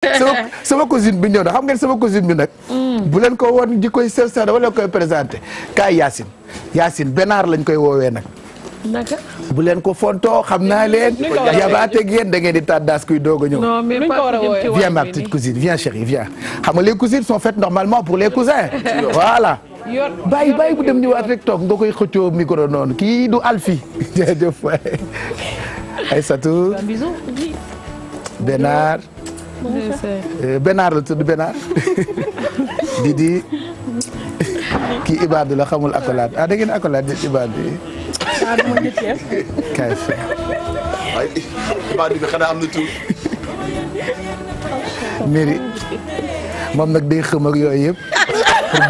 sama sama cousine bi ñëw na xam ngeen sama cousine bi nag. Mm. bu leen ko woon di koy sel sa dama leen koy présenté kaay Yacine benaar lañ koy woowe nag. bu leen ko fontoo xam naa leen. yabaateeg yéen da ngeen di tàddaas kuy doog a ñëw. non mais viens ma petite cousine viens chérie viens xam nga les cousines sont faites normalement pour les cousins voilà. bàyyi bàyyi bu dem ñëwaat rek toog nga koy xëccoo micro noonu kii du alfi jërëjëf waay. ay satu benaar. Eh, Benaar la tudd Benaar di di kii Ibaadu la xamul accolade ah da ngeen accolade di Ibaadu yi. ah dama njëkk yëpp. kaay fa. waaye Ibaadu bi xanaa am na tur. Mary moom nag day xëm ak yooyu yëpp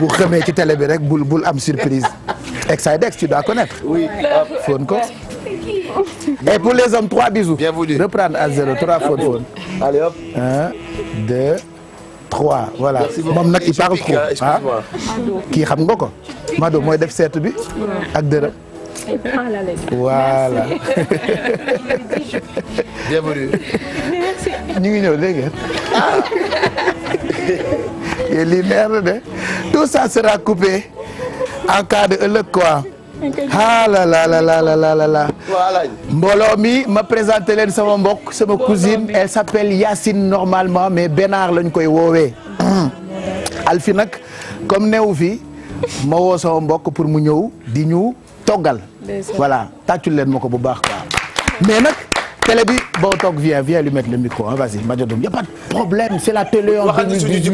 bu xamee ci télé bi rek bul bul am surprise. Exidex tu dois connaître. oui fóon ko. et pour les hommes trois bisous. bienvenue reprendre à zéro trois fautes fautes. allez hop un deux trois voilà moom nag il parle trop euh, ah kii xam nga ko Mado mooy def seetu bi ak dërëm. voilà. bienvenue. ñu ngi ñëw dégg ngeen. yéen tout ça sera coupé en cas de ëllëg quoi. ah la la la la la la mbooloo mi ma présenté leen sama mbokk sama cousine elle s'appelle Yacine normalement mais Bénard lañ koy woowee Alfi nag comme newu fi ma woo sama mbokk pour mu ñëw di ñu toggal voilà tàccul leen ma ko bu baax quoi mais nag télé bi boo toog viens viens lui mettre le micro ah vas-y Mbadia Diop y a pas de problème c'est la télé en 2018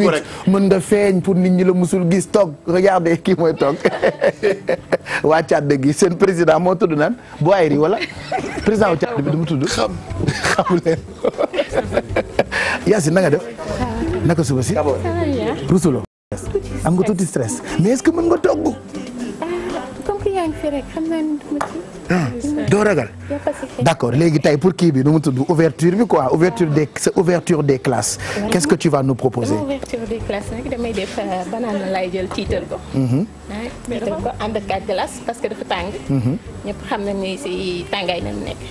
mën nga feeñ pour nit ñi la musul gis toog regardez kii mooy toog waa Tchad gi seen président moo tudd naan Boairi wala président wu Tchad bi du mu tudd. xam xamu na nga def. naka suba si. rusuloo am nga tuuti stress mais est-ce que mën nga togg. maa ah, doo ragal. d' léegi tey pour kii bi nu mu tudd ouverture bi quoi ouverture des sa ouverture ce que tu vas nous proposer. damay def euh, banaan laay jël tiital ko. Mm-hmm. tiital ko ànd ak glace que dafa tàng. Mm-hmm.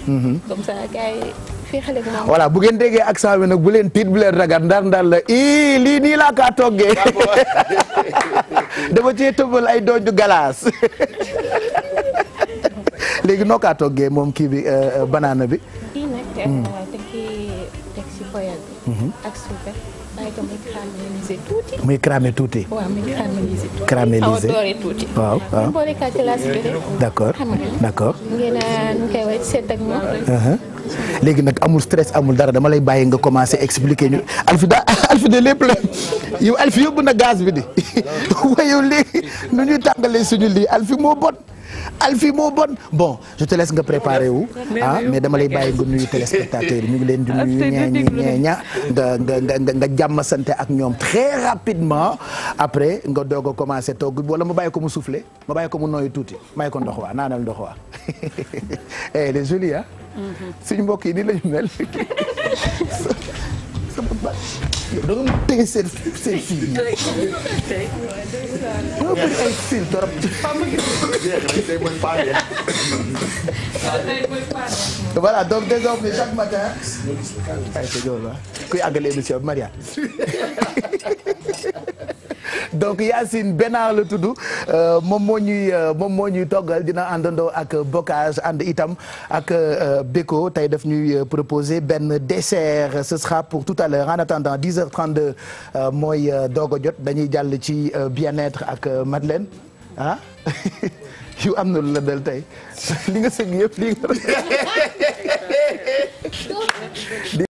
Mm-hmm. bu ngeen déggee accent bi nag bu leen tiit bu leen ragal ndar ndar la lii nii laa kaa toggee dama cee tëbal ay doonju galaas léegi noo kaa toggee moom kii bi euh, euh, banaana bi. kii nag te hmm. mhm. kii muy caramélisé tuuti. muy cramé waaw muy caramélisé accord accord. ngeen euh, uh-huh. léegi nag amul stress amul dara dama lay bàyyi nga commencé expliquer ñu Alfi daa Alfi de lépp la yow Alfi yóbbu na gaz bi di waaye yow léegi nu ñuy tàngalee suñu lii Alfi moo bon. Alphie moo bon bon je te laisse nga préparer wu ah mais dama lay bàyyi nga nuyu téléspectateurs yi ñu ngi leen di nuyu ñee ña nga nga nga nga jàmm sante ak ñoom très rapidement après nga dog a commencé togg wala ma bàyyi ko mu soufflé ma bàyyi ko mu nooyu tuuti may ko ndox waa naanal ndox waa eh les joli ah mhm. suñu mbokk yi nii la mel dama bëri ay fil trop. voilà donc désormais chaque matin. kuy àggale émission bi Maria. donc Yacine Bénard la tudd euh, moom moo ñuy euh, moom moo ñuy toggal dina àndandoo ak bocage ànd itam ak euh, Beko tey daf ñuy proposer benn dessert ce sera pour tout à l'heure en attendant 10h32 mooy doog jot dañuy jàll ci bien-être ak Madeleine ah yu am na lu la del tey li nga sëg yëpp li nga